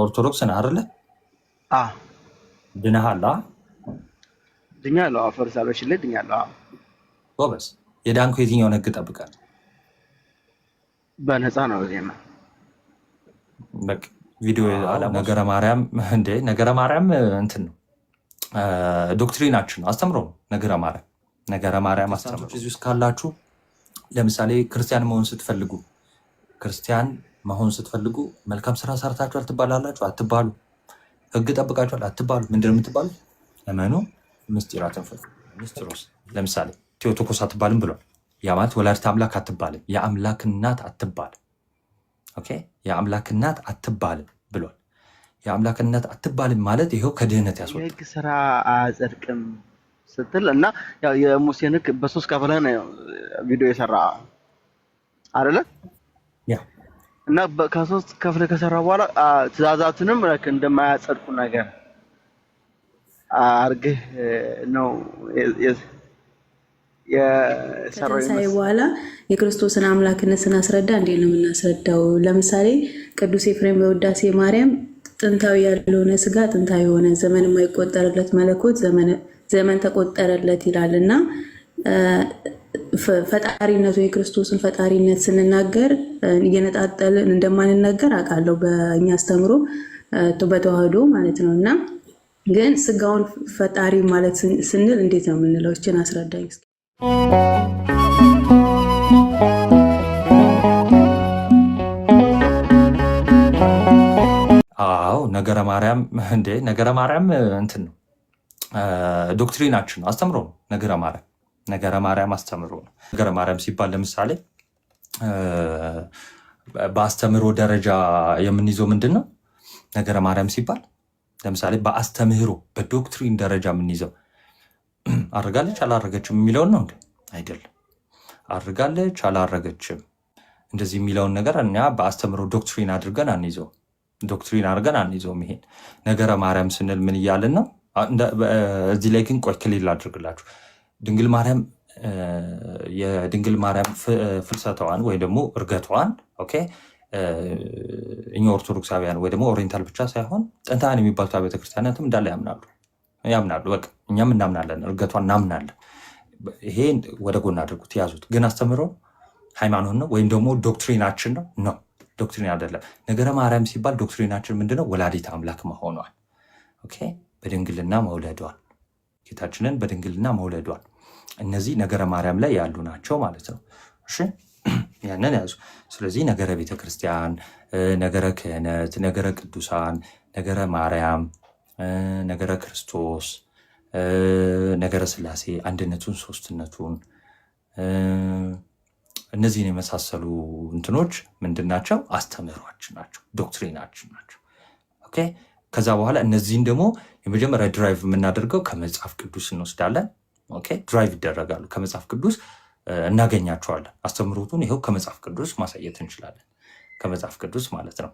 ኦርቶዶክስ ነህ አይደለ? ድነሃል? ድኛለሁ። አፈር ላይ ድኛለሁ። ጎበዝ። የዳንኩ የትኛውን ህግ ጠብቃል? በነፃ ነው ዜና ቪዲዮ ነገረ ማርያም እንዴ ነገረ ማርያም እንትን ነው ዶክትሪናችን ነው አስተምሮ ነው ነገረ ማርያም ነገረ ማርያም አስተምሮ እዚህ ውስጥ ካላችሁ ለምሳሌ ክርስቲያን መሆን ስትፈልጉ ክርስቲያን መሆን ስትፈልጉ መልካም ስራ ሰርታችኋል ትባላላችሁ? አትባሉ። ህግ ጠብቃችኋል? አትባሉ። ምንድን የምትባሉ? እመኑ ምስጢራትን ምስጢሮስ። ለምሳሌ ቴዎቶኮስ አትባልም ብሏል። ያ ማለት ወላዲተ አምላክ አትባልም፣ የአምላክ እናት አትባልም፣ የአምላክ እናት አትባልም ብሏል። የአምላክ እናት አትባልም ማለት ይኸው ከድህነት ያስወጣል። የህግ ስራ አያጸድቅም ስትል እና የሙሴን ህግ በሶስት ከፍለን ቪዲዮ የሰራ አይደለ እና ከሶስት ከፍለ ከሰራ በኋላ ትእዛዛትንም እንደማያጸድቁ ነገር አርግህ ነው ከትንሣኤ በኋላ የክርስቶስን አምላክነት ስናስረዳ እንዴት ነው የምናስረዳው? ለምሳሌ ቅዱስ ኤፍሬም በውዳሴ ማርያም ጥንታዊ ያልሆነ ስጋ ጥንታዊ የሆነ ዘመን የማይቆጠርለት መለኮት ዘመን ተቆጠረለት ይላል እና ፈጣሪነቱ የክርስቶስን ፈጣሪነት ስንናገር እየነጣጠልን እንደማንናገር አውቃለሁ። በእኛ አስተምሮ በተዋህዶ ማለት ነው እና ግን ስጋውን ፈጣሪ ማለት ስንል እንዴት ነው የምንለው? እችን አስረዳኝ እስኪ። አዎ ነገረ ማርያም እንዴ! ነገረ ማርያም እንትን ነው ዶክትሪናችን አስተምሮ ነው ነገረ ማርያም ነገረ ማርያም አስተምሮ ነው። ነገረ ማርያም ሲባል ለምሳሌ በአስተምህሮ ደረጃ የምንይዘው ምንድን ነው? ነገረ ማርያም ሲባል ለምሳሌ በአስተምህሮ በዶክትሪን ደረጃ የምንይዘው አድርጋለች አላረገችም የሚለውን ነው እንዴ? አይደለም። አድርጋለች አላረገችም እንደዚህ የሚለውን ነገር እኛ በአስተምህሮ ዶክትሪን አድርገን አንይዘው፣ ዶክትሪን አድርገን አንይዘው። ይሄን ነገረ ማርያም ስንል ምን እያልን ነው? እዚህ ላይ ግን ቆይ ክሊል አድርግላችሁ ድንግል ማርያም የድንግል ማርያም ፍልሰተዋን ወይም ደግሞ እርገቷን ኦኬ እኛ ኦርቶዶክሳውያን ወይ ደግሞ ኦሪንታል ብቻ ሳይሆን ጥንታን የሚባሉት አብያተ ክርስቲያናትም እንዳለ ያምናሉ ያምናሉ። በቃ እኛም እናምናለን፣ እርገቷን እናምናለን። ይሄ ወደ ጎን አድርጉት፣ ያዙት። ግን አስተምሮ ሃይማኖት ነው ወይም ደግሞ ዶክትሪናችን ነው ነው ዶክትሪን አይደለም። ነገረ ማርያም ሲባል ዶክትሪናችን ምንድነው? ወላዲት አምላክ መሆኗል፣ በድንግልና መውለዷል፣ ጌታችንን በድንግልና መውለዷል። እነዚህ ነገረ ማርያም ላይ ያሉ ናቸው ማለት ነው። እሺ ያንን ያዙ። ስለዚህ ነገረ ቤተክርስቲያን፣ ነገረ ክህነት፣ ነገረ ቅዱሳን፣ ነገረ ማርያም፣ ነገረ ክርስቶስ፣ ነገረ ስላሴ አንድነቱን ሶስትነቱን እነዚህን የመሳሰሉ እንትኖች ምንድን ናቸው? አስተምህሯችን ናቸው፣ ዶክትሪናችን ናቸው። ኦኬ። ከዛ በኋላ እነዚህን ደግሞ የመጀመሪያ ድራይቭ የምናደርገው ከመጽሐፍ ቅዱስ እንወስዳለን። ኦኬ ድራይቭ ይደረጋሉ። ከመጽሐፍ ቅዱስ እናገኛቸዋለን። አስተምሮቱን ይኸው ከመጽሐፍ ቅዱስ ማሳየት እንችላለን። ከመጽሐፍ ቅዱስ ማለት ነው።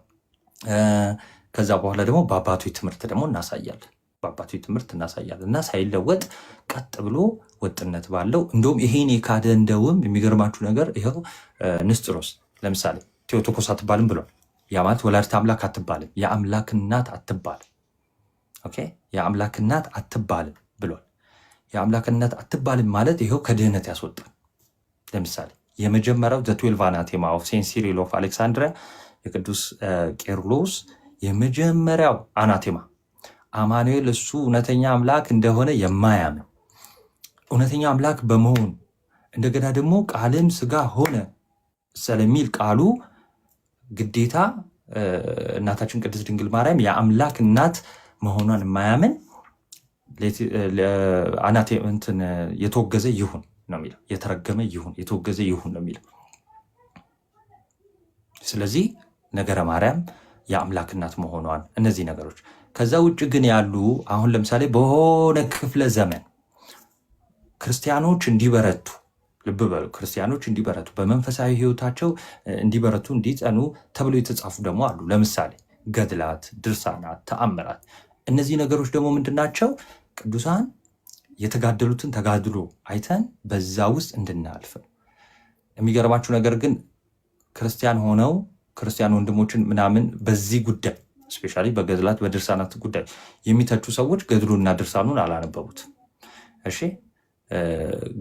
ከዛ በኋላ ደግሞ በአባቶች ትምህርት ደግሞ እናሳያለን። በአባቶች ትምህርት እናሳያለን እና ሳይለወጥ ቀጥ ብሎ ወጥነት ባለው እንደውም ይሄን የካደ እንደውም የሚገርማችሁ ነገር ይኸው ንስጥሮስ ለምሳሌ ቴዎቶኮስ አትባልም ብሏል። ያ ማለት ወላዲተ አምላክ አትባልም፣ የአምላክ እናት አትባልም፣ የአምላክ እናት አትባልም ብሏል። የአምላክነት አትባልም ማለት ይኸው ከድህነት ያስወጣል። ለምሳሌ የመጀመሪያው ዘ ትዌልቭ አናቴማ ኦፍ ሴንት ሲሪል ኦፍ አሌክሳንድሪያ የቅዱስ ቄርሎስ የመጀመሪያው አናቴማ አማኑኤል እሱ እውነተኛ አምላክ እንደሆነ የማያምን እውነተኛ አምላክ በመሆኑ እንደገና ደግሞ ቃልም ስጋ ሆነ ስለሚል ቃሉ ግዴታ እናታችን ቅድስት ድንግል ማርያም የአምላክ እናት መሆኗን የማያምን አናቴ እንትን የተወገዘ ይሁን ነው የሚለው የተረገመ ይሁን የተወገዘ ይሁን ነው የሚለው። ስለዚህ ነገረ ማርያም የአምላክ እናት መሆኗን እነዚህ ነገሮች ከዛ ውጭ ግን ያሉ አሁን ለምሳሌ በሆነ ክፍለ ዘመን ክርስቲያኖች እንዲበረቱ ልብ በሉ፣ ክርስቲያኖች እንዲበረቱ በመንፈሳዊ ሕይወታቸው እንዲበረቱ እንዲጸኑ ተብሎ የተጻፉ ደግሞ አሉ። ለምሳሌ ገድላት፣ ድርሳናት፣ ተአምራት እነዚህ ነገሮች ደግሞ ምንድን ናቸው? ቅዱሳን የተጋደሉትን ተጋድሎ አይተን በዛ ውስጥ እንድናልፍ ነው። የሚገርማችሁ ነገር ግን ክርስቲያን ሆነው ክርስቲያን ወንድሞችን ምናምን በዚህ ጉዳይ እስፔሻሊ በገድላት በድርሳናት ጉዳይ የሚተቹ ሰዎች ገድሉና ድርሳኑን አላነበቡት። እሺ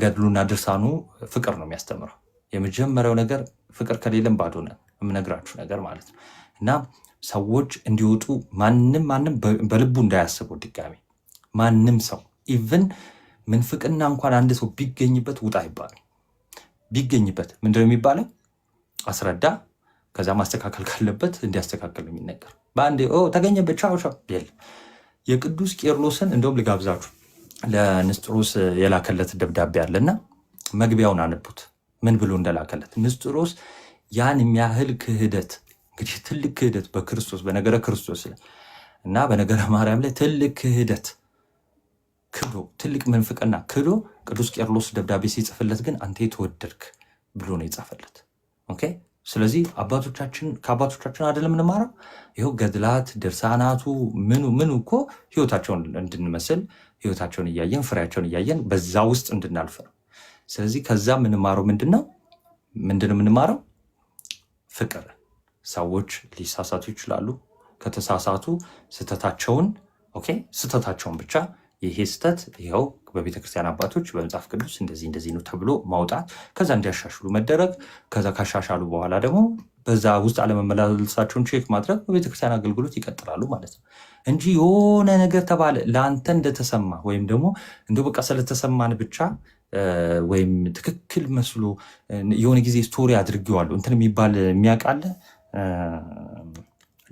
ገድሉና ድርሳኑ ፍቅር ነው የሚያስተምረው። የመጀመሪያው ነገር ፍቅር ከሌለም ባዶ ነን፣ የምነግራችሁ ነገር ማለት ነው። እና ሰዎች እንዲወጡ ማንም ማንም በልቡ እንዳያስበው ድጋሚ ማንም ሰው ኢቭን ምንፍቅና እንኳን አንድ ሰው ቢገኝበት ውጣ ይባላል። ቢገኝበት ምንድነው የሚባለው? አስረዳ፣ ከዛ ማስተካከል ካለበት እንዲያስተካከል የሚነገር። በአንድ ተገኘበት ቻው ቻው የለ። የቅዱስ ቄርሎስን እንደውም ልጋብዛችሁ ለንስጥሮስ የላከለት ደብዳቤ አለና መግቢያውን አንቡት፣ ምን ብሎ እንደላከለት ንስጥሮስ ያን የሚያህል ክህደት እንግዲህ ትልቅ ክህደት በክርስቶስ በነገረ ክርስቶስ ላይ እና በነገረ ማርያም ላይ ትልቅ ክህደት ክዶ ትልቅ ምንፍቅና ክዶ ቅዱስ ቄርሎስ ደብዳቤ ሲጽፍለት ግን አንተ የተወደድክ ብሎ ነው የጻፈለት። ኦኬ ስለዚህ አባቶቻችን ከአባቶቻችን አይደለም እንማረው። ይኸው ገድላት ድርሳናቱ ምኑ ምኑ እኮ ህይወታቸውን እንድንመስል ህይወታቸውን እያየን ፍሬያቸውን እያየን በዛ ውስጥ እንድናልፍ ነው። ስለዚህ ከዛ ምንማረው ምንድን ነው? ምንድን የምንማረው ፍቅር። ሰዎች ሊሳሳቱ ይችላሉ። ከተሳሳቱ ስህተታቸውን ኦኬ ስህተታቸውን ብቻ ይሄ ስህተት ይኸው በቤተ ክርስቲያን አባቶች በመጽሐፍ ቅዱስ እንደዚህ እንደዚህ ነው ተብሎ ማውጣት፣ ከዛ እንዲያሻሽሉ መደረግ፣ ከዛ ካሻሻሉ በኋላ ደግሞ በዛ ውስጥ አለመመላለሳቸውን ቼክ ማድረግ በቤተክርስቲያን አገልግሎት ይቀጥላሉ ማለት ነው እንጂ የሆነ ነገር ተባለ ለአንተ እንደተሰማ ወይም ደግሞ እንደ በቃ ስለተሰማን ብቻ ወይም ትክክል መስሎ የሆነ ጊዜ ስቶሪ አድርጌዋለሁ እንትን የሚባል የሚያውቃለ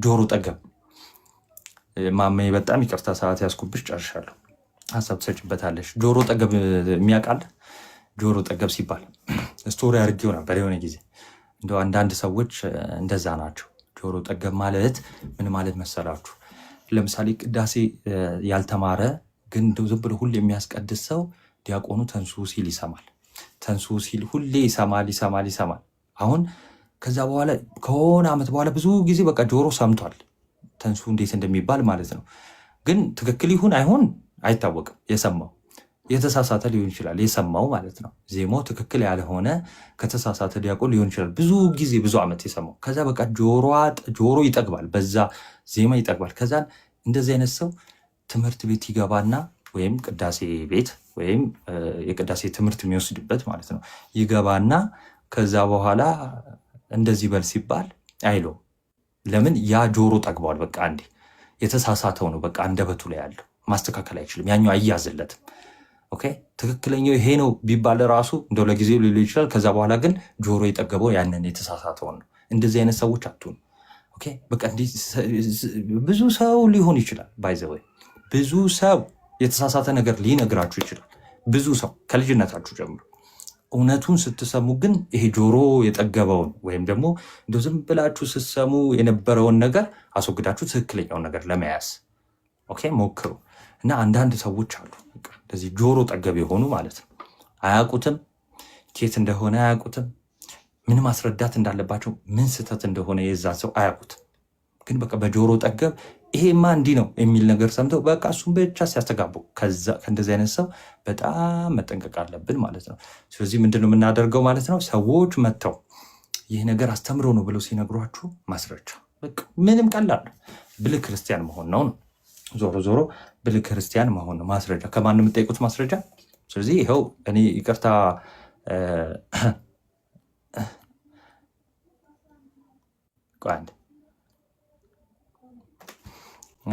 ጆሮ ጠገብ ማመ በጣም ይቅርታ ሰዓት ያስኩብሽ ጨርሻለሁ። ሀሳብ ትሰጭበታለሽ። ጆሮ ጠገብ የሚያውቃል። ጆሮ ጠገብ ሲባል ስቶሪ አድርጌው ነበር የሆነ ጊዜ። እንደ አንዳንድ ሰዎች እንደዛ ናቸው። ጆሮ ጠገብ ማለት ምን ማለት መሰላችሁ? ለምሳሌ ቅዳሴ ያልተማረ ግን ዝም ብሎ ሁሌ የሚያስቀድስ ሰው ዲያቆኑ ተንሱ ሲል ይሰማል። ተንሱ ሲል ሁሌ ይሰማል ይሰማል ይሰማል። አሁን ከዛ በኋላ ከሆነ ዓመት በኋላ ብዙ ጊዜ በቃ ጆሮ ሰምቷል ተንሱ እንዴት እንደሚባል ማለት ነው። ግን ትክክል ይሁን አይሁን አይታወቅም። የሰማው የተሳሳተ ሊሆን ይችላል። የሰማው ማለት ነው። ዜማው ትክክል ያልሆነ ከተሳሳተ ዲያቆን ሊሆን ይችላል። ብዙ ጊዜ ብዙ ዓመት የሰማው ከዛ በቃ ጆሮ ይጠግባል፣ በዛ ዜማ ይጠግባል። ከዛን እንደዚህ አይነት ሰው ትምህርት ቤት ይገባና ወይም ቅዳሴ ቤት ወይም የቅዳሴ ትምህርት የሚወስድበት ማለት ነው ይገባና ከዛ በኋላ እንደዚህ በል ሲባል አይለው። ለምን ያ ጆሮ ጠግቧል። በቃ አንዴ የተሳሳተው ነው በቃ አንደበቱ ላይ ያለው ማስተካከል አይችልም። ያኛው አያዝለትም። ኦኬ ትክክለኛው ይሄ ነው ቢባል ራሱ እንደው ለጊዜው ሊሉ ይችላል። ከዛ በኋላ ግን ጆሮ የጠገበው ያንን የተሳሳተውን ነው። እንደዚህ አይነት ሰዎች አትሁኑ። ኦኬ በቃ ብዙ ሰው ሊሆን ይችላል። ባይዘወይ ብዙ ሰው የተሳሳተ ነገር ሊነግራችሁ ይችላል። ብዙ ሰው ከልጅነታችሁ ጀምሮ እውነቱን ስትሰሙ ግን ይሄ ጆሮ የጠገበውን ወይም ደግሞ እንደ ዝም ብላችሁ ስትሰሙ የነበረውን ነገር አስወግዳችሁ ትክክለኛውን ነገር ለመያዝ ኦኬ ሞክሩ። እና አንዳንድ ሰዎች አሉ እንደዚህ ጆሮ ጠገብ የሆኑ ማለት ነው። አያውቁትም፣ ኬት እንደሆነ አያውቁትም፣ ምን ማስረዳት እንዳለባቸው ምን ስህተት እንደሆነ የዛን ሰው አያውቁትም። ግን በቃ በጆሮ ጠገብ ይሄማ እንዲህ ነው የሚል ነገር ሰምተው በቃ እሱም ብቻ ሲያስተጋቡ ከእንደዚህ አይነት ሰው በጣም መጠንቀቅ አለብን ማለት ነው። ስለዚህ ምንድነው የምናደርገው ማለት ነው? ሰዎች መጥተው ይህ ነገር አስተምሮ ነው ብለው ሲነግሯችሁ ማስረጃ ምንም ቀላል ብልህ ክርስቲያን መሆን ነው ነው ዞሮ ዞሮ ብልህ ክርስቲያን መሆን ማስረጃ ከማን የምጠይቁት ማስረጃ። ስለዚህ ይኸው እኔ ይቅርታ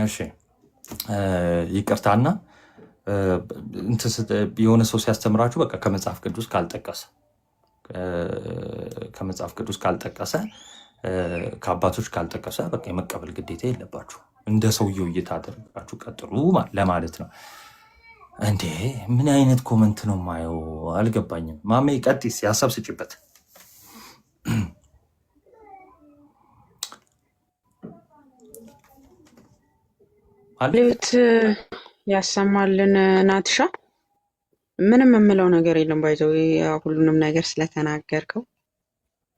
እሺ ይቅርታና የሆነ ሰው ሲያስተምራችሁ በቃ ከመጽሐፍ ቅዱስ ካልጠቀሰ ከመጽሐፍ ቅዱስ ካልጠቀሰ ከአባቶች ካልጠቀሰ በቃ የመቀበል ግዴታ የለባችሁ። እንደ ሰውየው እይታ አድርጋችሁ ቀጥሉ ለማለት ነው። እንዴ ምን አይነት ኮመንት ነው ማየው? አልገባኝም። ማሜ ቀጥ ያሰብስጭበት ስጭበት። ያሰማልን ናትሻ። ምንም የምለው ነገር የለም። ባይዘው ሁሉንም ነገር ስለተናገርከው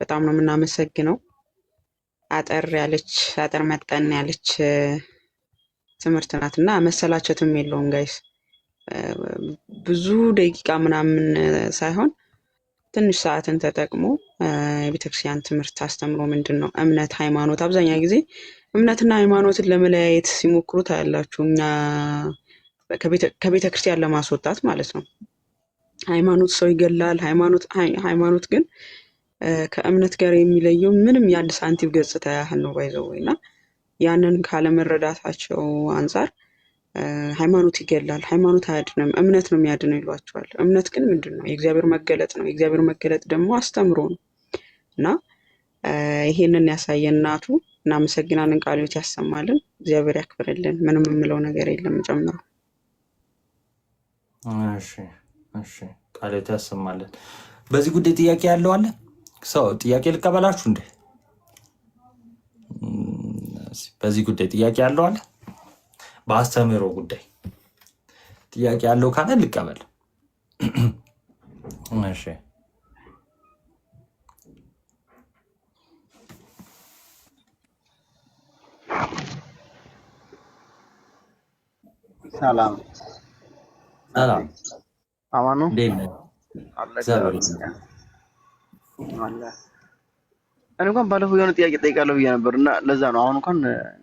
በጣም ነው የምናመሰግነው። አጠር ያለች አጠር መጠን ያለች ትምህርት ናት እና መሰላቸትም የለውም ጋይስ። ብዙ ደቂቃ ምናምን ሳይሆን ትንሽ ሰዓትን ተጠቅሞ የቤተክርስቲያን ትምህርት አስተምሮ ምንድን ነው እምነት ሃይማኖት፣ አብዛኛው ጊዜ እምነትና ሃይማኖትን ለመለያየት ሲሞክሩ ታያላችሁ። እኛ ከቤተ ክርስቲያን ለማስወጣት ማለት ነው። ሃይማኖት ሰው ይገላል። ሃይማኖት ግን ከእምነት ጋር የሚለየው ምንም የአንድ ሳንቲም ገጽታ ያህል ነው ባይዘው እና ያንን ካለመረዳታቸው አንጻር ሃይማኖት ይገላል፣ ሃይማኖት አያድንም፣ እምነት ነው የሚያድነው ይሏቸዋል። እምነት ግን ምንድን ነው? የእግዚአብሔር መገለጥ ነው። የእግዚአብሔር መገለጥ ደግሞ አስተምሮ ነው እና ይሄንን ያሳየን እናቱ እናመሰግናለን። ቃለ ያሰማልን፣ እግዚአብሔር ያክብርልን። ምንም የምለው ነገር የለም ጨምሮ። እሺ እሺ፣ ያሰማልን። በዚህ ጉዳይ ጥያቄ ያለው ሰው ጥያቄ ልቀበላችሁ እንዴ? በዚህ ጉዳይ ጥያቄ ያለው አለ? በአስተምህሮ ጉዳይ ጥያቄ ያለው ካለ ልቀበል። እሺ ሰላም ሰላም፣ አማኑ እኔ እንኳን ባለፈው የሆነ ጥያቄ ጠይቃለሁ ብዬ ነበር እና ለዛ ነው አሁን እንኳን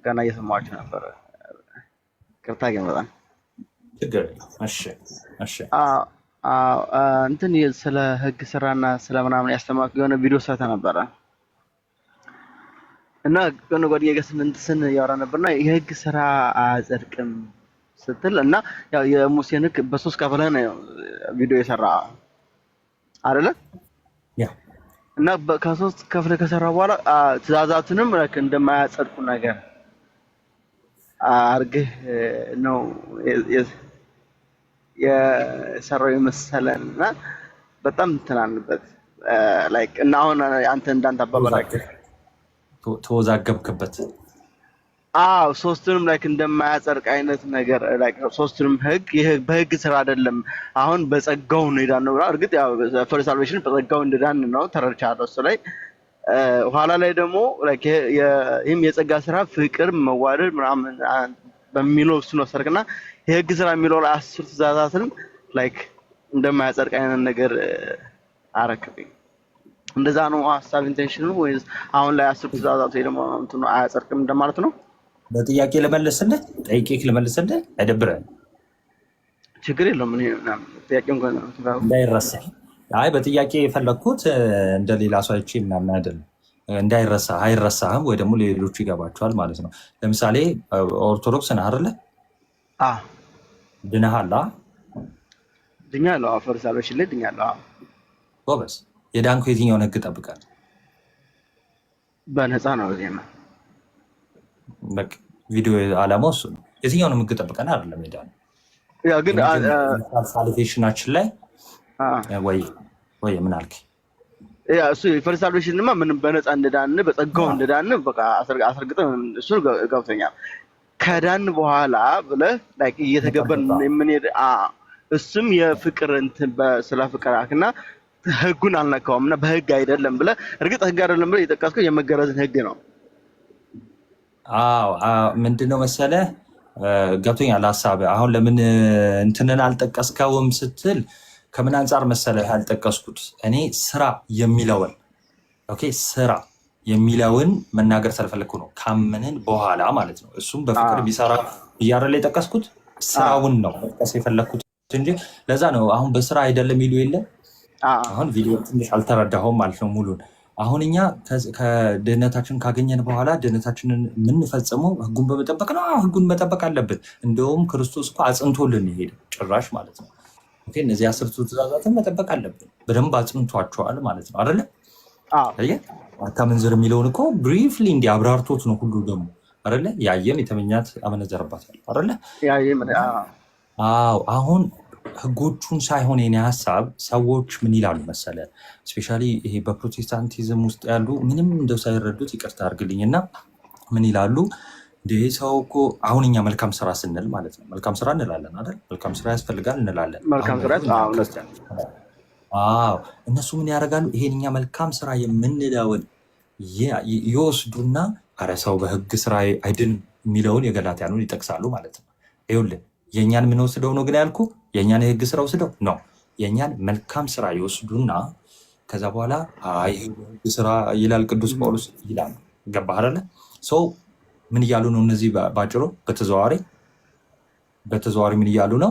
ገና እየሰማኋቸው ነበር። ቅርታ ግን በጣም እንትን ስለ ህግ ስራና ስለ ምናምን ያስተማር የሆነ ቪዲዮ ሰርተህ ነበረ እና የሆነ ጓደኛዬ ጋር ስን ያወራ ነበርና የህግ ስራ አያጸድቅም ስትል እና የሙሴን ህግ በሶስት ከፍለህ ነው ቪዲዮ የሰራ አይደለ? እና ከሶስት ከፍለ ከሰራ በኋላ ትእዛዛትንም ረክ እንደማያጸድቁ ነገር አርግህ ነው የሰራው የመሰለን እና በጣም ትናንበት ላይክ እና አሁን አንተ እንዳንተ አባባላችሁ ተወዛገብክበት። አዎ ሶስቱንም ላይክ እንደማያጸድቅ አይነት ነገር ሶስቱንም ህግ በህግ ስራ አይደለም። አሁን በጸጋው ነው እንሄዳን ነው እርግጥ ያው ፈር ሳልቬሽን በጸጋው እንደዳን ነው ተረድቻለሁ። እሱ ላይ ኋላ ላይ ደግሞ ይህም የጸጋ ስራ ፍቅር፣ መዋደድ ምናምን በሚለው እሱ ነው ሰርክና የህግ ስራ የሚለው ላይ አስር ትእዛዛትንም ላይክ እንደማያጸድቅ አይነት ነገር አረክብኝ። እንደዛ ነው ሀሳብ ኢንቴንሽን ወይ አሁን ላይ አስር ትእዛዛት ወይ ደግሞ አያጸድቅም እንደማለት ነው? በጥያቄ ልመልስልህ፣ ጠይቄ ልመልስልህ። አይደብረን ችግር የለውም። እንዳይረሳ። አይ በጥያቄ የፈለግኩት እንደ ሌላ ሰው አይቼ ምናምን አይደለም። እንዳይረሳ አይረሳህም፣ ወይ ደግሞ ሌሎቹ ይገባቸዋል ማለት ነው። ለምሳሌ ኦርቶዶክስ ነህ አይደለ? ድነሃል? ድኛለሁ። ፈሪሳሎች ላይ ድኛለሁ። ጎበዝ። የዳንኩ የትኛውን ህግ ጠብቃል? በነፃ ነው ዜማ ቪዲዮ ዓላማው እሱ ነው። የትኛውንም ህግ ጠብቀን አይደለም ሄዳ ሳልቬሽናችን ላይ ወይ ምን አልክ? እሱ የፈርስ ሳልቬሽንማ ምንም በነፃ እንደዳን በጸጋው እንደዳን በቃ አስረግጠን እሱን ገብቶኛል። ከዳን በኋላ ብለ ላይክ እየተገበን የምንሄድ እሱም የፍቅር እንትን ስለ ፍቅር አክና ህጉን አልነካውም እና በህግ አይደለም ብለ እርግጥ ህግ አይደለም ብለ የጠቀስከው የመገረዝን ህግ ነው ምንድነው መሰለ ገብቶኛል ሀሳብ። አሁን ለምን እንትንን አልጠቀስከውም ስትል ከምን አንጻር መሰለ ያልጠቀስኩት እኔ ስራ የሚለውን ኦኬ፣ ስራ የሚለውን መናገር ስለፈለግኩ ነው። ካመንን በኋላ ማለት ነው። እሱም በፍቅር ቢሰራ እያረላ የጠቀስኩት ስራውን ነው መጥቀስ የፈለግኩት እንጂ ለዛ ነው። አሁን በስራ አይደለም ይሉ የለ አሁን ቪዲዮ ትንሽ አልተረዳሁም ማለት ነው ሙሉን አሁን እኛ ከድህነታችን ካገኘን በኋላ ድህነታችንን የምንፈጽመው ህጉን በመጠበቅ ነው። ህጉን መጠበቅ አለብን። እንደውም ክርስቶስ እኮ አጽንቶልን ሄደ ጭራሽ ማለት ነው። እነዚህ አስርቱ ትእዛዛትን መጠበቅ አለብን። በደንብ አጽንቷቸዋል ማለት ነው አይደለ? አታመንዝር የሚለውን እኮ ብሪፍሊ እንዲ አብራርቶት ነው ሁሉ ደግሞ አለ ያየን የተመኛት አመነዘረባታል አለ አሁን ህጎቹን ሳይሆን የኔ ሀሳብ ሰዎች ምን ይላሉ መሰለ፣ እስፔሻሊ ይሄ በፕሮቴስታንቲዝም ውስጥ ያሉ ምንም እንደው ሳይረዱት ይቅርታ አድርግልኝ እና ምን ይላሉ ይህ ሰው እኮ አሁን እኛ መልካም ስራ ስንል ማለት ነው መልካም ስራ እንላለን አይደል? መልካም ስራ ያስፈልጋል እንላለን። እነሱ ምን ያደርጋሉ? ይሄን እኛ መልካም ስራ የምንለውን ይወስዱና አረ ሰው በህግ ስራ አይድን የሚለውን የገላትያኑን ይጠቅሳሉ ማለት ነው ይውልን የእኛን ምን ወስደው ነው ግን ያልኩ የእኛን የህግ ስራ ወስደው ነው የእኛን መልካም ስራ ይወስዱና ከዛ በኋላ ህግ ስራ ይላል ቅዱስ ጳውሎስ ይላል። ገባህ አይደለ? ሰው ምን እያሉ ነው እነዚህ? ባጭሩ በተዘዋዋሪ በተዘዋዋሪ ምን እያሉ ነው?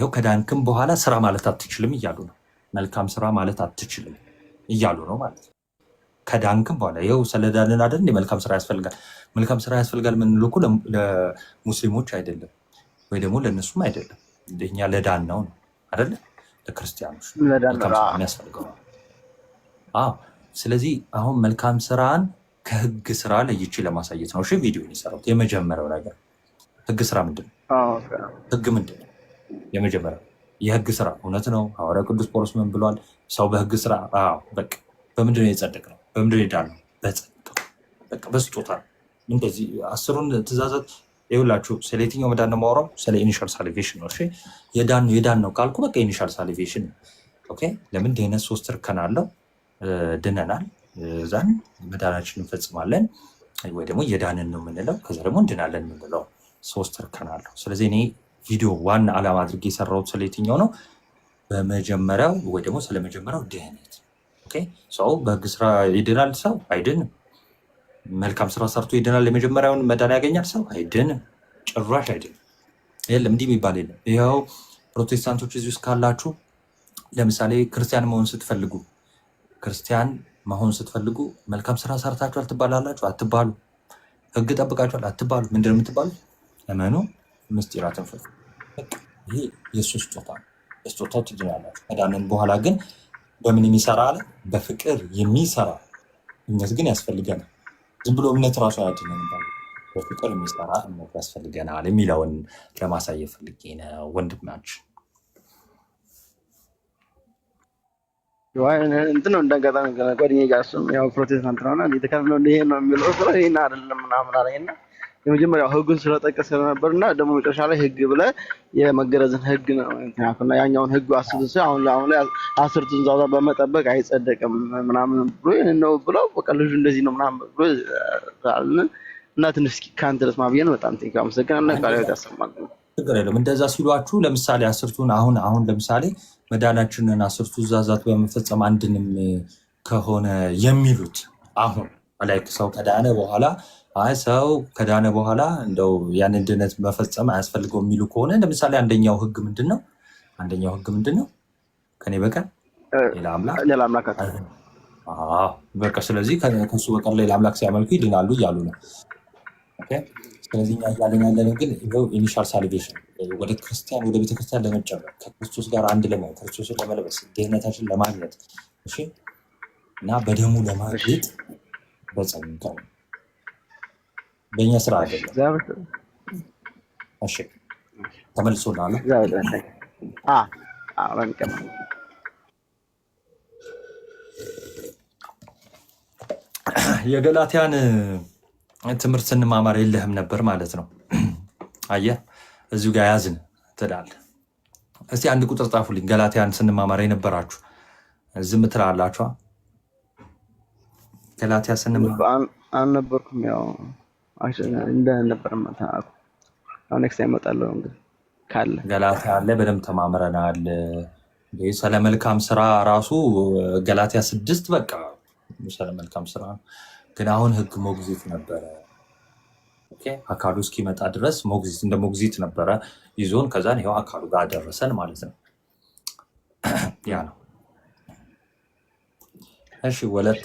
ይው ከዳንክም በኋላ ስራ ማለት አትችልም እያሉ ነው። መልካም ስራ ማለት አትችልም እያሉ ነው ማለት ነው። ከዳንክም በኋላ ይኸው ስለዳንን አይደል? መልካም ስራ ያስፈልጋል። መልካም ስራ ያስፈልጋል የምንልኩ ለሙስሊሞች አይደለም ወይ ደግሞ ለእነሱም አይደለም ለእኛ ለዳን ነው ነው አደለ ለክርስቲያኖች የሚያስፈልገው አዎ ስለዚህ አሁን መልካም ስራን ከህግ ስራ ለይቼ ለማሳየት ነው ቪዲዮ ቪዲዮን የሰራሁት። የመጀመሪያው ነገር ህግ ስራ ምንድን ነው? ህግ ምንድን ነው? የመጀመሪያው የህግ ስራ እውነት ነው። ሐዋርያው ቅዱስ ጳውሎስ ምን ብሏል? ሰው በህግ ስራ በቃ በምንድን ነው የጸደቅ ነው? በምንድን ነው የዳነው? በጸጋ በስጦታ ነው። እንደዚህ አስሩን ትእዛዛት ይሁላችሁ ስለ የትኛው መዳን ነው ማውራው? ስለ ኢኒሻል ሳሊቬሽን ነው። የዳን የዳን ነው ካልኩ በቃ ኢኒሻል ሳሊቬሽን ኦኬ። ለምን ድህነት ሶስት እርከን አለው። ድነናል፣ እዛን መዳናችን እንፈጽማለን ወይ ደግሞ የዳንን ነው የምንለው፣ ከዛ ደግሞ እንድናለን የምንለው ሶስት እርከን አለው። ስለዚህ እኔ ቪዲዮ ዋና ዓላማ አድርጌ የሰራሁት ስለ የትኛው ነው? በመጀመሪያው ወይ ደግሞ ስለመጀመሪያው ድህነት ሰው በህግ ስራ ይድናል ሰው አይድንም። መልካም ስራ ሰርቶ ይድናል። የመጀመሪያውን መዳን ያገኛል። ሰው አይድንም፣ ጭራሽ አይድንም። የለም እንዲህ የሚባል የለም። ይኸው ፕሮቴስታንቶች እዚህ ውስጥ ካላችሁ ለምሳሌ ክርስቲያን መሆን ስትፈልጉ ክርስቲያን መሆን ስትፈልጉ መልካም ስራ ሰርታችኋል ትባላላችሁ? አትባሉ። ህግ ጠብቃችኋል? አትባሉ። ምንድን የምትባሉ የምትባሉት? እመኑ፣ ምስጢራትን ፍቱ። ይህ የእሱ ስጦታ ነው። ስጦታው ትድናላችሁ። መዳንን በኋላ ግን በምን የሚሰራ አለ? በፍቅር የሚሰራ እምነት ግን ያስፈልገናል። ዝም ብሎ እምነት ራሱ አያድንም። በፍቅር የሚሰራ እምነት ያስፈልገናል የሚለውን ለማሳየት ፈልጌ ነው። ወንድማችን እንትን ነው እንዳጋጣሚ ጓደኛዬ ጋር እሱም ያው ፕሮቴስታንት ነውና ተከፍለው ይሄ ነው የሚለው ይሄን አይደለም ምናምን አለኝና የመጀመሪያው ህጉን ስለጠቀስ ስለነበር እና ደግሞ መጨረሻ ላይ ህግ ብለ የመገረዝን ህግ ነው ምክንያቱና ያኛውን ህግ አስር ስ አሁን አሁን ላይ አስር ትእዛዛት በመጠበቅ አይጸደቅም ምናምን ብሎ ይህን ነው ብለው በቃ ልጁ እንደዚህ ነው ምናምን ብሎ እና ትንሽ ከአንተ ድረስ ማብየን በጣም ቴንክ አመሰግናለሁ። ቃል ያሰማል ችግር የለም። እንደዛ ሲሏችሁ ለምሳሌ አስርቱን አሁን አሁን ለምሳሌ መዳናችንን አስርቱ ትእዛዛት በመፈጸም አንድንም ከሆነ የሚሉት አሁን ላይክ ሰው ከዳነ በኋላ አይ ሰው ከዳነ በኋላ እንደው ያንን ድነት መፈጸም አያስፈልገው የሚሉ ከሆነ ለምሳሌ አንደኛው ህግ ምንድን ነው? አንደኛው ህግ ምንድን ነው? ከኔ በቀር ሌላ አምላክ በቃ ስለዚህ ከሱ በቀር ሌላ አምላክ ሲያመልኩ ይድናሉ እያሉ ነው። ስለዚህ እኛ እያለን ያለን ግን ኢኒሻል ሳልቬሽን ወደ ክርስቲያን ወደ ቤተክርስቲያን ለመጨመር ከክርስቶስ ጋር አንድ ለመሆን ክርስቶስን ለመልበስ ድህነታችን ለማግኘት እና በደሙ ለማግኘት በጸሙ በጸም በእኛ ስራ አይደለም። እሺ ተመልሶ ላለ የገላትያን ትምህርት ስንማማር የለህም ነበር ማለት ነው። አየህ እዚሁ ጋር ያዝን ትላል። እስቲ አንድ ቁጥር ጻፉልኝ። ገላትያን ስንማማር የነበራችሁ ዝም ትላላችኋ። ገላትያ ስንማማር አልነበርኩም ያው እንደነበር ማተናቁ አሁን ኔክስት ታይም እንግዲህ ካለ ገላትያ አለ በደንብ ተማምረናል። ስለ መልካም ስራ ራሱ ገላትያ ስድስት በቃ ስለ መልካም ስራ ግን አሁን ህግ ሞግዚት ነበረ አካሉ እስኪመጣ ድረስ ሞግዚት እንደ ሞግዚት ነበረ ይዞን ከዛን ይኸው አካሉ ጋር ደረሰን ማለት ነው። ያ ነው። እሺ ወለት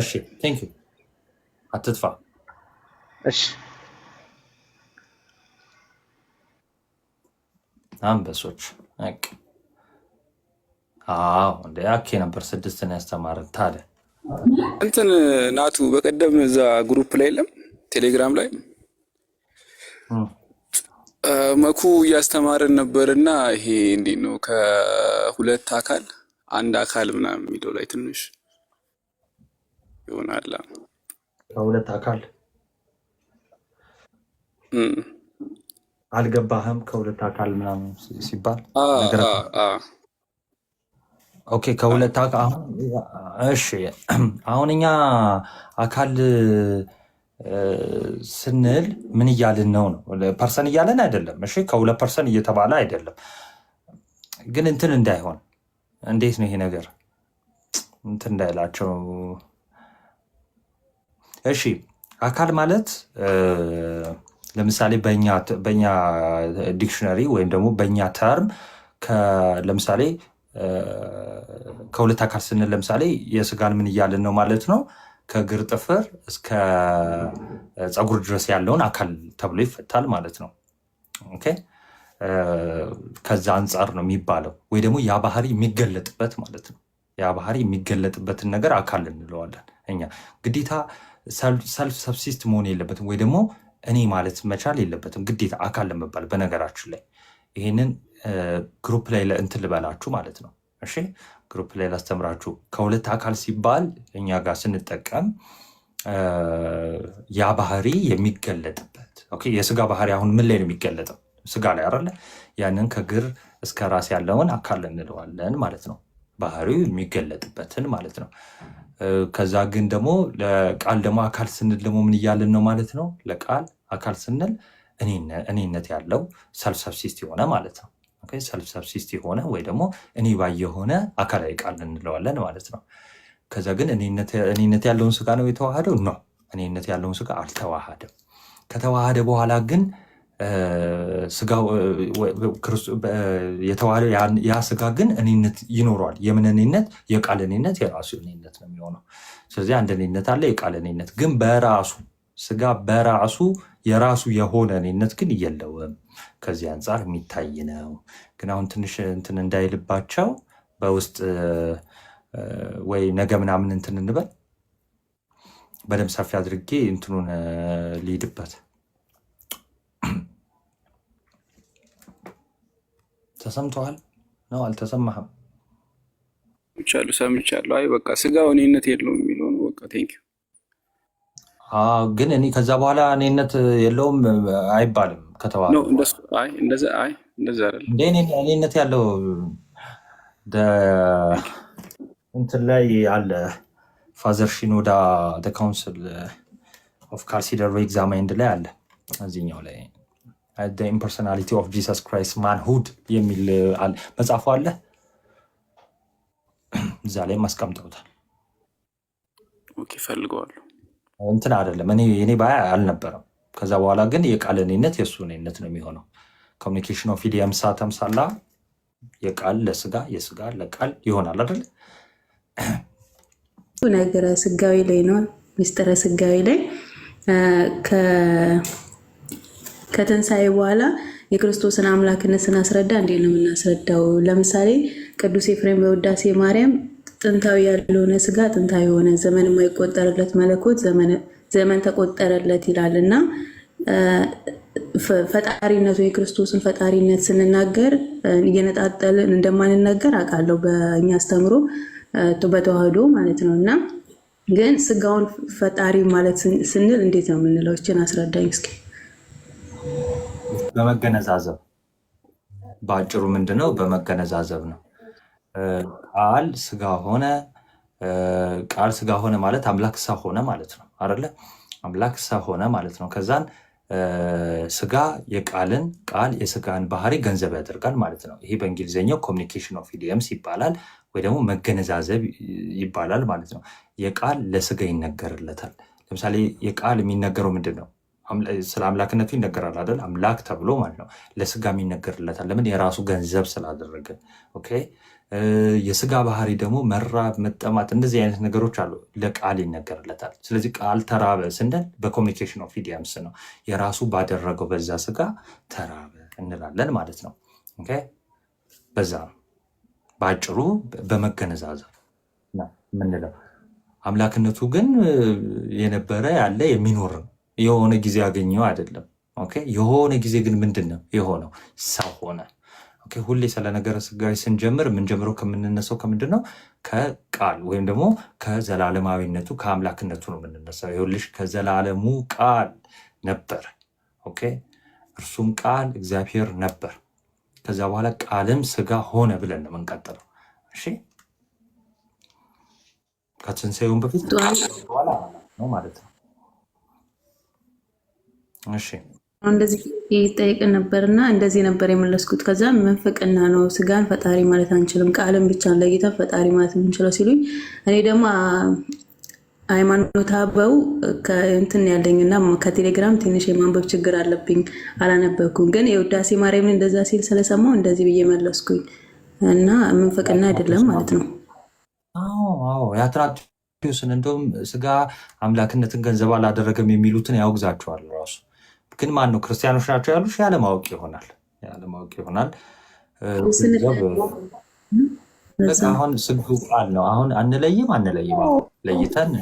እሺ ቴንክ ዩ አትጥፋ እሺ አንበሶች በቃ አዎ፣ እንደ አኬ ነበር ስድስትን ያስተማረን። ታዲያ እንትን ናቱ በቀደም እዛ ግሩፕ ላይ የለም ቴሌግራም ላይ መኩ እያስተማረን ነበር እና ይሄ እንዴት ነው ከሁለት አካል አንድ አካል ምናምን የሚለው ላይ ትንሽ ይሆናል። ከሁለት አካል አልገባህም ከሁለት አካል ምናምን ሲባል ኦኬ ከሁለት እሺ አሁን እኛ አካል ስንል ምን እያልን ነው? ነው ፐርሰን እያለን አይደለም። እሺ ከሁለት ፐርሰን እየተባለ አይደለም። ግን እንትን እንዳይሆን እንዴት ነው ይሄ ነገር እንትን እንዳይላቸው። እሺ አካል ማለት ለምሳሌ በእኛ ዲክሽነሪ ወይም ደግሞ በእኛ ተርም ለምሳሌ ከሁለት አካል ስንል ለምሳሌ የስጋን ምን እያልን ነው ማለት ነው? ከእግር ጥፍር እስከ ፀጉር ድረስ ያለውን አካል ተብሎ ይፈታል ማለት ነው። ኦኬ ከዛ አንጻር ነው የሚባለው። ወይ ደግሞ ያ ባህሪ የሚገለጥበት ማለት ነው። ያ ባህሪ የሚገለጥበትን ነገር አካል እንለዋለን እኛ። ግዴታ ሰልፍ ሰብሲስት መሆን የለበትም ወይ ደግሞ እኔ ማለት መቻል የለበትም ግዴታ አካል ለመባል በነገራችን ላይ ይህንን ግሩፕ ላይ እንትን ልበላችሁ ማለት ነው። እሺ ግሩፕ ላይ ላስተምራችሁ። ከሁለት አካል ሲባል እኛ ጋር ስንጠቀም ያ ባህሪ የሚገለጥበት የስጋ ባህሪ አሁን ምን ላይ ነው የሚገለጠው? ስጋ ላይ አይደለ? ያንን ከግር እስከ ራስ ያለውን አካል እንለዋለን ማለት ነው። ባህሪው የሚገለጥበትን ማለት ነው። ከዛ ግን ደግሞ ለቃል ደግሞ አካል ስንል ደግሞ ምን እያለን ነው ማለት ነው ለቃል አካል ስንል እኔነት ያለው ሰልፍ ሰብሲስት የሆነ ማለት ነው። ሰልፍ ሰብሲስት የሆነ ወይ ደግሞ እኔ ባይ የሆነ አካላዊ ቃል እንለዋለን ማለት ነው። ከዛ ግን እኔነት ያለውን ስጋ ነው የተዋሃደው ነው። እኔነት ያለውን ስጋ አልተዋሃደም። ከተዋሃደ በኋላ ግን የተዋሃደው ያ ስጋ ግን እኔነት ይኖረዋል። የምን እኔነት? የቃል እኔነት የራሱ እኔነት ነው የሚሆነው። ስለዚህ አንድ እኔነት አለ፣ የቃል እኔነት ግን በራሱ ስጋ በራሱ የራሱ የሆነ እኔነት ግን የለውም። ከዚህ አንጻር የሚታይ ነው። ግን አሁን ትንሽ እንትን እንዳይልባቸው በውስጥ ወይ ነገ ምናምን እንትን እንበል በደንብ ሰፊ አድርጌ እንትኑን ሊሄድበት ተሰምተዋል ነው አልተሰማህም? ሰምቻለሁ። አይ በቃ ስጋ እኔነት የለውም የሚለው በቃ ቴንኪው ግን እኔ ከዛ በኋላ እኔነት የለውም አይባልም ከተባለ እኔነት ያለው እንትን ላይ አለ። ፋዘር ሺኖዳ ደ ካውንስል ኦፍ ካልሲደር ኤግዛማይንድ ላይ አለ። እዚኛው ላይ ኢምፐርሶናሊቲ ኦፍ ጂሰስ ክራይስት ማንሁድ የሚል መጽሐፉ አለ። እዛ ላይም አስቀምጠውታል። ፈልገዋለሁ እንትን አይደለም። እኔ እኔ ባያ አልነበረም። ከዛ በኋላ ግን የቃል እኔነት የእሱ እኔነት ነው የሚሆነው። ኮሚኒኬሽን ኦፍ ፊድ የምሳ ተምሳላ የቃል ለስጋ የስጋ ለቃል ይሆናል አይደለ? ነገረ ስጋዊ ላይ ነው ሚስጥረ ስጋዊ ላይ ከትንሣኤ በኋላ የክርስቶስን አምላክነት ስናስረዳ እንዴት ነው የምናስረዳው? ለምሳሌ ቅዱስ ኤፍሬም በውዳሴ ማርያም ጥንታዊ ያልሆነ ስጋ ጥንታዊ የሆነ ዘመን የማይቆጠርለት መለኮት ዘመን ተቆጠረለት ይላል እና ፈጣሪነቱ የክርስቶስን ፈጣሪነት ስንናገር እየነጣጠልን እንደማንናገር አውቃለሁ። በእኛ አስተምሮ በተዋህዶ ማለት ነው እና ግን ስጋውን ፈጣሪ ማለት ስንል እንዴት ነው የምንለው? ችን አስረዳኝ እስኪ። በመገነዛዘብ በአጭሩ ምንድነው? በመገነዛዘብ ነው ቃል ስጋ ሆነ። ቃል ስጋ ሆነ ማለት አምላክ ሰው ሆነ ማለት ነው አይደለ? አምላክ ሰው ሆነ ማለት ነው። ከዛን ስጋ የቃልን ቃል የስጋን ባህሪ ገንዘብ ያደርጋል ማለት ነው። ይሄ በእንግሊዝኛው ኮሚኒኬሽን ኦፍ ኢዲየምስ ይባላል ወይ ደግሞ መገነዛዘብ ይባላል ማለት ነው። የቃል ለስጋ ይነገርለታል። ለምሳሌ የቃል የሚነገረው ምንድን ነው? ስለ አምላክነቱ ይነገራል አይደል? አምላክ ተብሎ ማለት ነው። ለስጋ የሚነገርለታል። ለምን? የራሱ ገንዘብ ስላደረገ ኦኬ የስጋ ባህሪ ደግሞ መራብ፣ መጠማት እንደዚህ አይነት ነገሮች አሉ። ለቃል ይነገርለታል። ስለዚህ ቃል ተራበ ስንል በኮሚኒኬሽን ኦፍ ኢዲየምስ ነው። የራሱ ባደረገው በዛ ስጋ ተራበ እንላለን ማለት ነው። በዛ በአጭሩ በመገነዛዘብ ምንለው አምላክነቱ ግን የነበረ ያለ የሚኖር የሆነ ጊዜ ያገኘው አይደለም። የሆነ ጊዜ ግን ምንድን ነው የሆነው? ሰው ሆነ። ሁሌ ስለ ነገረ ስጋዊ ስንጀምር የምንጀምረው ከምንነሳው ከምንድን ነው? ከቃል ወይም ደግሞ ከዘላለማዊነቱ ከአምላክነቱ ነው የምንነሳው። ይኸውልሽ ከዘላለሙ ቃል ነበር። ኦኬ እርሱም ቃል እግዚአብሔር ነበር። ከዛ በኋላ ቃልም ስጋ ሆነ ብለን ነው የምንቀጥለው። እሺ ከትንሣኤውም በፊት ነው ማለት ነው። እሺ እንደዚህ ይጠይቅ ነበርና እንደዚህ ነበር የመለስኩት። ከዛ መንፈቅና ነው ስጋን ፈጣሪ ማለት አንችልም፣ ቃልን ብቻ ለጌታ ፈጣሪ ማለት የምንችለው ሲሉኝ፣ እኔ ደግሞ ሃይማኖት አበው ከእንትን ያለኝና ከቴሌግራም ትንሽ የማንበብ ችግር አለብኝ፣ አላነበብኩም። ግን የውዳሴ ማርያምን እንደዛ ሲል ስለሰማው እንደዚህ ብዬ መለስኩኝ እና ምንፍቅና አይደለም ማለት ነው። ያትራቴዎስን እንደውም ስጋ አምላክነትን ገንዘብ አላደረገም የሚሉትን ያወግዛቸዋል ራሱ ግን ማን ነው ክርስቲያኖች ናቸው ያሉሽ? ያለማወቅ ይሆናል ያለማወቅ ይሆናል። አሁን ስጉ ቃል ነው። አሁን አንለይም አንለይም ለይተን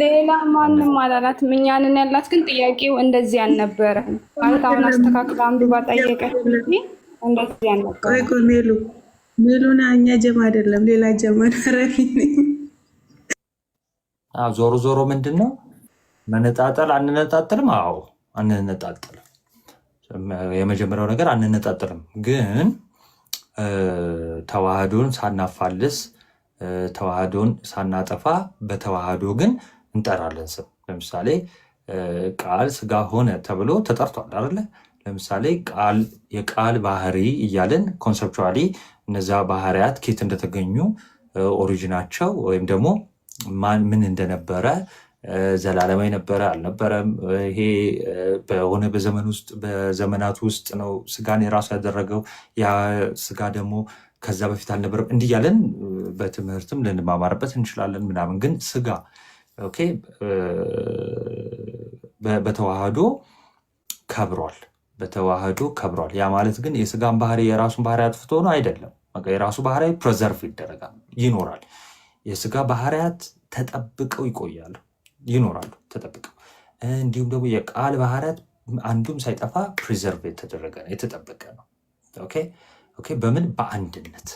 ሌላ ማንም አላላት ምኛንን ያላት ግን ጥያቄው እንደዚህ አልነበረ ማለት አሁን አስተካክል አንዱ ባጠየቀ እንደዚህ አልነበረ። ሜሉ ሜሉና እኛ ጀማ አይደለም ሌላ ጀማ ረፊ ዞሮ ዞሮ ምንድን ነው መነጣጠል አንነጣጠልም። አዎ አንነጣጠልም። የመጀመሪያው ነገር አንነጣጠልም፣ ግን ተዋህዶን ሳናፋልስ ተዋህዶን ሳናጠፋ በተዋህዶ ግን እንጠራለን ስም። ለምሳሌ ቃል ስጋ ሆነ ተብሎ ተጠርቷል አይደለ? ለምሳሌ ቃል የቃል ባህሪ እያለን ኮንሰፕቹዋሊ እነዛ ባህሪያት ኬት እንደተገኙ ኦሪጂናቸው ወይም ደግሞ ማን ምን እንደነበረ ዘላለማዊ ነበረ አልነበረም? ይሄ በሆነ በዘመን ውስጥ በዘመናት ውስጥ ነው ስጋን የራሱ ያደረገው። ያ ስጋ ደግሞ ከዛ በፊት አልነበረም። እንዲህ እያለን በትምህርትም ልንማማርበት እንችላለን ምናምን። ግን ስጋ ኦኬ በተዋህዶ ከብሯል፣ በተዋህዶ ከብሯል። ያ ማለት ግን የስጋን ባህሪ የራሱን ባህሪ አጥፍቶ ነው አይደለም። የራሱ ባህሪ ፕሬዘርቭ ይደረጋል፣ ይኖራል። የስጋ ባህሪያት ተጠብቀው ይቆያሉ። ይኖራሉ ተጠብቀው። እንዲሁም ደግሞ የቃል ባህሪያት አንዱም ሳይጠፋ ፕሪዘርቭ የተደረገ ነው የተጠበቀ ነው። ኦኬ ኦኬ። በምን በአንድነት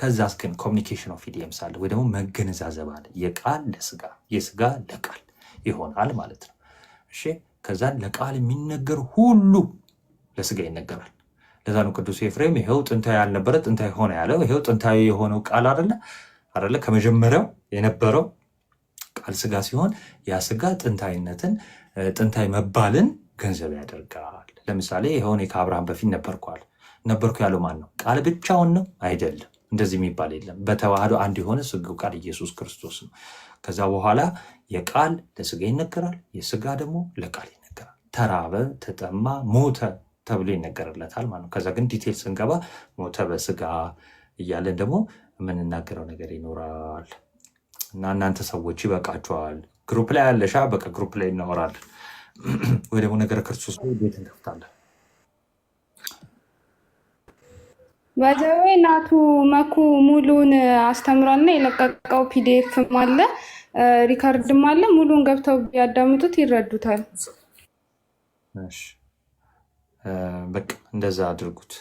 ከዛ ስክን ኮሚኒኬሽን ኦፍ ኢዲየምስ አለ ወይ ደግሞ መገነዛዘብ አለ። የቃል ለስጋ የስጋ ለቃል ይሆናል ማለት ነው። እሺ ከዛ ለቃል የሚነገር ሁሉ ለስጋ ይነገራል። ለዛ ነው ቅዱስ ኤፍሬም ይኸው ጥንታዊ ያልነበረ ጥንታዊ ሆነ ያለው። ይኸው ጥንታዊ የሆነው ቃል አደለ አደለ ከመጀመሪያው የነበረው ቃል ስጋ ሲሆን ያ ስጋ ጥንታዊነትን ጥንታዊ መባልን ገንዘብ ያደርጋል። ለምሳሌ ይኸውኔ ከአብርሃም በፊት ነበርኳል ነበርኩ ያለው ማን ነው? ቃል ብቻውን ነው አይደለም። እንደዚህ የሚባል የለም። በተዋህዶ አንድ የሆነ ስጋው ቃል ኢየሱስ ክርስቶስ ነው። ከዛ በኋላ የቃል ለስጋ ይነገራል፣ የስጋ ደግሞ ለቃል ይነገራል። ተራበ፣ ተጠማ፣ ሞተ ተብሎ ይነገርለታል ማለት ነው። ከዛ ግን ዲቴል ስንገባ ሞተ በስጋ እያለን ደግሞ የምንናገረው ነገር ይኖራል። እና እናንተ ሰዎች ይበቃችኋል። ግሩፕ ላይ ያለሻ በቃ ግሩፕ ላይ እናወራለን ወይ ደግሞ ነገረ ክርስቶስ ላይ ቤት እንከፍታለን። በዘዌ እናቱ መኩ ሙሉን አስተምሯልና የለቀቀው ፒዲኤፍም አለ ሪከርድም አለ። ሙሉን ገብተው ቢያዳምጡት ይረዱታል። በቃ እንደዛ አድርጉት።